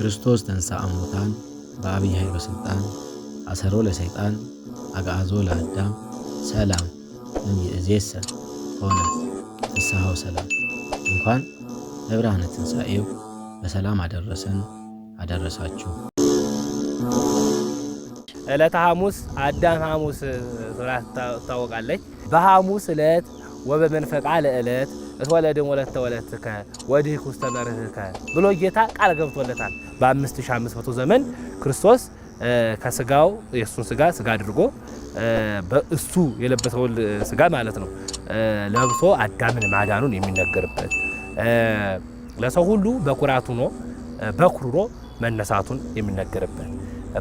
ክርስቶስ ተንሥአ እሙታን በአብይ ኃይል ወሥልጣን አሰሮ ለሰይጣን አግዓዞ ለአዳም ሰላም እምይእዜሰ ሆነ ፍስሐው ሰላም። እንኳን ለብርሃነ ትንሣኤው በሰላም አደረሰን አደረሳችሁ። ዕለተ ሐሙስ አዳም ሐሙስ ትታወቃለች። በሐሙስ ዕለት ወበመንፈቃ ለዕለት እትወለድም ወለተ ወለትከ ወድኅኩ ውስተ መርህከ ብሎ ጌታ ቃል ገብቶለታል። በ5500 ዘመን ክርስቶስ ከስጋው የእሱን ስጋ ስጋ አድርጎ በእሱ የለበሰውን ስጋ ማለት ነው ለብሶ አዳምን ማዳኑን የሚነገርበት ለሰው ሁሉ በኩራት ሆኖ በኩሩሮ መነሳቱን የሚነገርበት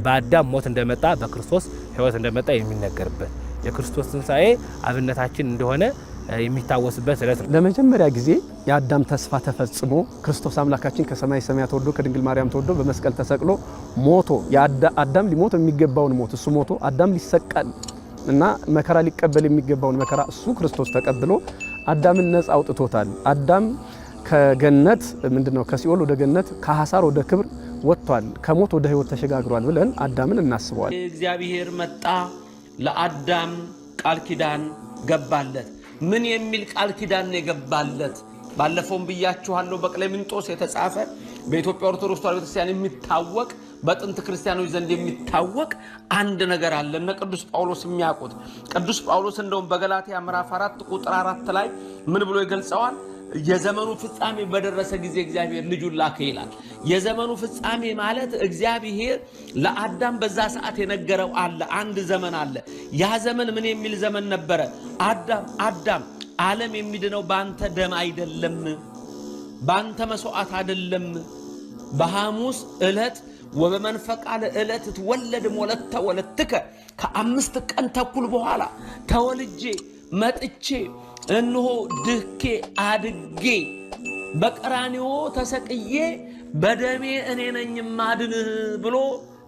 በአዳም ሞት እንደመጣ በክርስቶስ ሕይወት እንደመጣ የሚነገርበት የክርስቶስ ትንሣኤ አብነታችን እንደሆነ የሚታወስበት ዕለት ነው። ለመጀመሪያ ጊዜ የአዳም ተስፋ ተፈጽሞ ክርስቶስ አምላካችን ከሰማይ ሰማያ ተወዶ ከድንግል ማርያም ተወልዶ በመስቀል ተሰቅሎ ሞቶ አዳም ሊሞት የሚገባውን ሞት እሱ ሞቶ አዳም ሊሰቀል እና መከራ ሊቀበል የሚገባውን መከራ እሱ ክርስቶስ ተቀብሎ አዳምን ነፃ አውጥቶታል። አዳም ከገነት ምንድነው ከሲኦል ወደ ገነት ከሐሳር ወደ ክብር ወጥቷል፣ ከሞት ወደ ሕይወት ተሸጋግሯል ብለን አዳምን እናስበዋል። እግዚአብሔር መጣ፣ ለአዳም ቃል ኪዳን ገባለት። ምን የሚል ቃል ኪዳን የገባለት ባለፈውም ብያችኋለሁ። በቅሌምንጦስ የተጻፈ በኢትዮጵያ ኦርቶዶክስ ተዋሕዶ ቤተክርስቲያን የሚታወቅ በጥንት ክርስቲያኖች ዘንድ የሚታወቅ አንድ ነገር አለ። እነ ቅዱስ ጳውሎስ የሚያውቁት ቅዱስ ጳውሎስ እንደውም በገላትያ ምዕራፍ አራት ቁጥር አራት ላይ ምን ብሎ ይገልጸዋል? የዘመኑ ፍጻሜ በደረሰ ጊዜ እግዚአብሔር ልጁን ላከ ይላል። የዘመኑ ፍጻሜ ማለት እግዚአብሔር ለአዳም በዛ ሰዓት የነገረው አለ። አንድ ዘመን አለ። ያ ዘመን ምን የሚል ዘመን ነበረ? አዳም አዳም ዓለም የሚድነው በአንተ ደም አይደለም፣ በአንተ መስዋዕት አይደለም። በሐሙስ ዕለት ወበመንፈቃለ ዕለት ትወለድም ወለተ ወለትከ ከአምስት ቀን ተኩል በኋላ ተወልጄ መጥቼ እንሆ ድኬ አድጌ በቀራኒዎ ተሰቅዬ በደሜ እኔ ነኝ ማድንህ ብሎ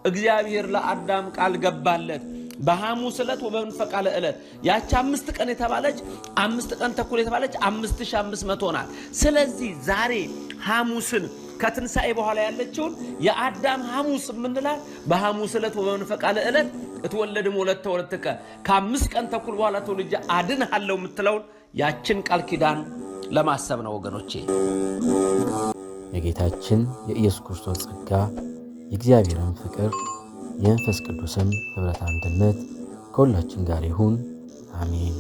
እግዚአብሔር ለአዳም ቃል ገባለት። በሐሙስ ዕለት ወበንፈቃለ ዕለት ያቺ አምስት ቀን የተባለች አምስት ቀን ተኩል የተባለች አምስት ሺህ አምስት መቶ ናት። ስለዚህ ዛሬ ሐሙስን ከትንሣኤ በኋላ ያለችውን የአዳም ሐሙስ የምንላት በሐሙስ ዕለት ወበንፈቃለ ዕለት እትወለድም ሁለት ወለትከ ከአምስት ቀን ተኩል በኋላ ትውልጃ አድንሃለሁ የምትለውን ያችን ቃል ኪዳን ለማሰብ ነው ወገኖቼ። የጌታችን የኢየሱስ ክርስቶስ ጸጋ የእግዚአብሔርን ፍቅር የመንፈስ ቅዱስን ኅብረት አንድነት ከሁላችን ጋር ይሁን። አሜን።